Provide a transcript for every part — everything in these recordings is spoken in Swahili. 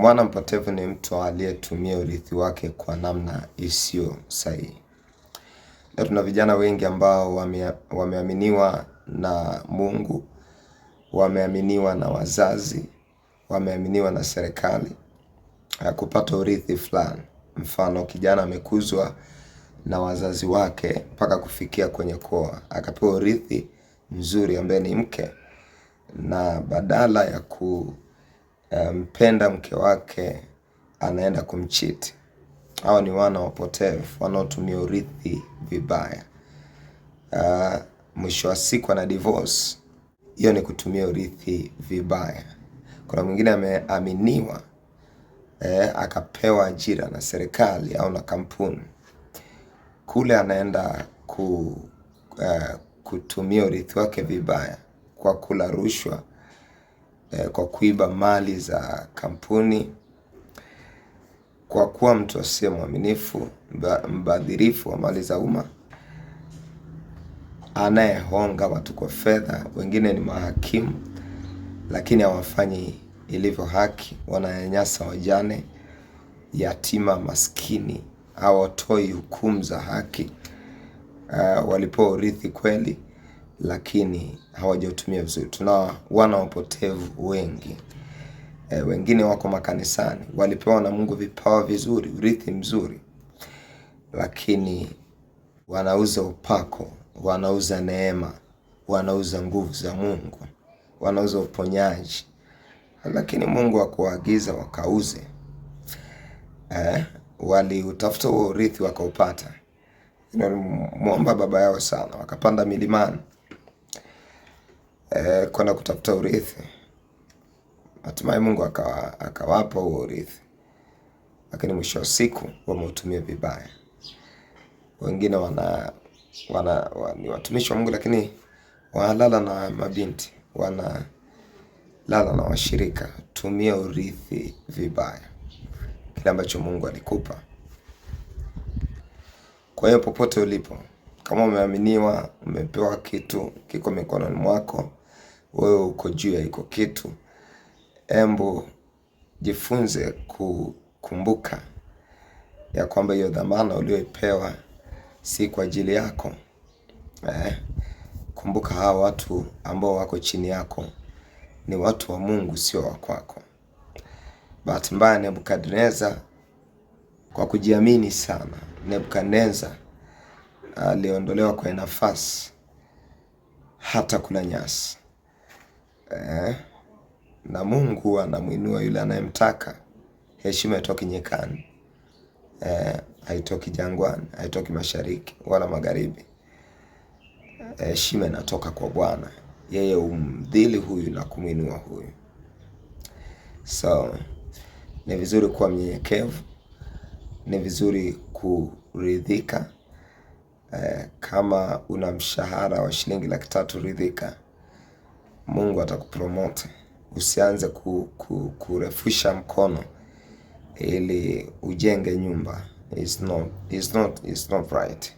Mwana mpotevu ni mtu aliyetumia urithi wake kwa namna isiyo sahihi, na tuna vijana wengi ambao wame, wameaminiwa na Mungu, wameaminiwa na wazazi, wameaminiwa na serikali eh, kupata urithi fulani. Mfano, kijana amekuzwa na wazazi wake mpaka kufikia kwenye kuoa, akapewa urithi mzuri ambaye ni mke, na badala ya ku mpenda um, mke wake anaenda kumchiti. Hawa ni wana wapotevu wanaotumia urithi vibaya. Uh, mwisho wa siku ana divorce. Hiyo ni kutumia urithi vibaya. Kuna mwingine ameaminiwa eh, akapewa ajira na serikali au na kampuni, kule anaenda ku, uh, kutumia urithi wake vibaya kwa kula rushwa eh, kwa kuiba mali za kampuni, kwa kuwa mtu asiye mwaminifu, mbadhirifu wa mali za umma, anayehonga watu kwa fedha. Wengine ni mahakimu, lakini hawafanyi ilivyo haki, wananyanyasa wajane, yatima, maskini, hawatoi hukumu za haki uh, urithi kweli lakini hawajautumia vizuri. Tuna wana wapotevu wengi e, wengine wako makanisani, walipewa na Mungu vipawa vizuri, urithi mzuri, lakini wanauza upako, wanauza neema, wanauza nguvu za Mungu, wanauza uponyaji, lakini Mungu akuwaagiza wakauze e, waliutafuta huo urithi wakaupata, mwomba baba yao sana, wakapanda milimani eh, kwenda kutafuta urithi. Hatimaye Mungu akawa, akawapa huo urithi, lakini mwisho wa siku wameutumia vibaya. Wengine wana, wana, wana, ni watumishi wa Mungu lakini wanalala na mabinti, wanalala na washirika. Tumia urithi vibaya, kile ambacho Mungu alikupa. Kwa hiyo popote ulipo, kama umeaminiwa, umepewa kitu kiko mikononi mwako wewe uko juu ya iko kitu. embo jifunze kukumbuka ya kwamba hiyo dhamana uliyoipewa si kwa ajili yako eh. Kumbuka hawa watu ambao wako chini yako ni watu wa Mungu, sio wa kwako. Bahati mbaya, Nebukadneza kwa kujiamini sana, Nebukadneza aliondolewa kwa nafasi hata kula nyasi eh, na Mungu anamwinua yule anayemtaka. Heshima haitoki nyikani, eh, haitoki jangwani, haitoki mashariki wala magharibi. Heshima inatoka kwa Bwana, yeye umdhili huyu na kumwinua huyu. So ni vizuri kuwa mnyenyekevu, ni vizuri kuridhika. Eh, kama una mshahara wa shilingi laki tatu ridhika. Mungu atakupromote. Usianze ku, ku, kurefusha mkono ili ujenge nyumba. It's not, it's not, it's not right.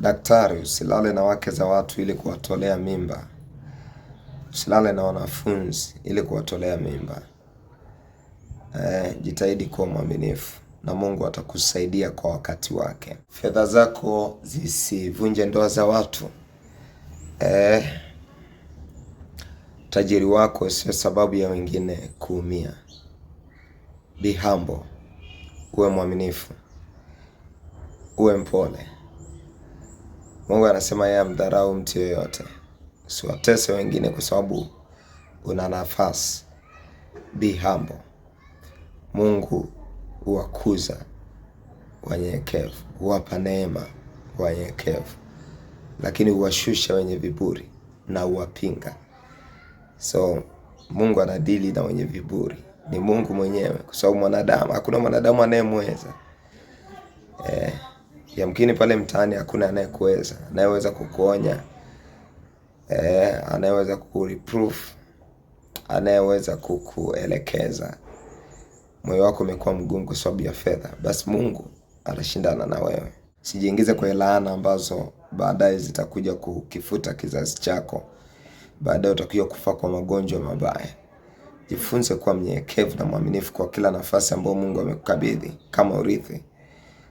Daktari, usilale na wake za watu ili kuwatolea mimba. Usilale na wanafunzi ili kuwatolea mimba. Eh, jitahidi kuwa mwaminifu na Mungu atakusaidia kwa wakati wake. Fedha zako zisivunje ndoa za watu eh, tajiri wako sio sababu ya wengine kuumia. Be humble, uwe mwaminifu, uwe mpole. Mungu anasema yeye amdharau mtu yoyote. Usiwatese wengine kwa sababu una nafasi. Be humble. Mungu huwakuza wanyenyekevu, huwapa neema wanyenyekevu lakini huwashusha wenye viburi na huwapinga. So Mungu anadili na wenye viburi, ni Mungu mwenyewe, kwa sababu mwanadamu, hakuna mwanadamu anayemweza eh. Yamkini pale mtaani hakuna anayekuweza, anayeweza kukuonya eh, anayeweza kukureproof, anayeweza kukuelekeza. Moyo wako umekuwa mgumu kwa sababu ya fedha, basi Mungu atashindana na wewe. Sijiingize kwenye laana ambazo baadaye zitakuja kukifuta kizazi chako, baadaye utakuja kufa kwa magonjwa mabaya. Jifunze kuwa mnyenyekevu na mwaminifu kwa kila nafasi ambayo Mungu amekukabidhi kama urithi.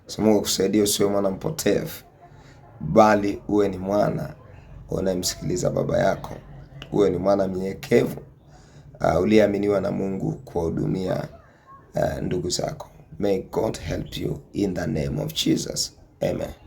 So Mungu akusaidie usiwe mwana mpotevu, bali uwe ni mwana unayemsikiliza baba yako, uwe ni mwana mnyenyekevu uh, uliyeaminiwa na Mungu kuwahudumia uh, ndugu zako. May God help you in the name of Jesus. Amen.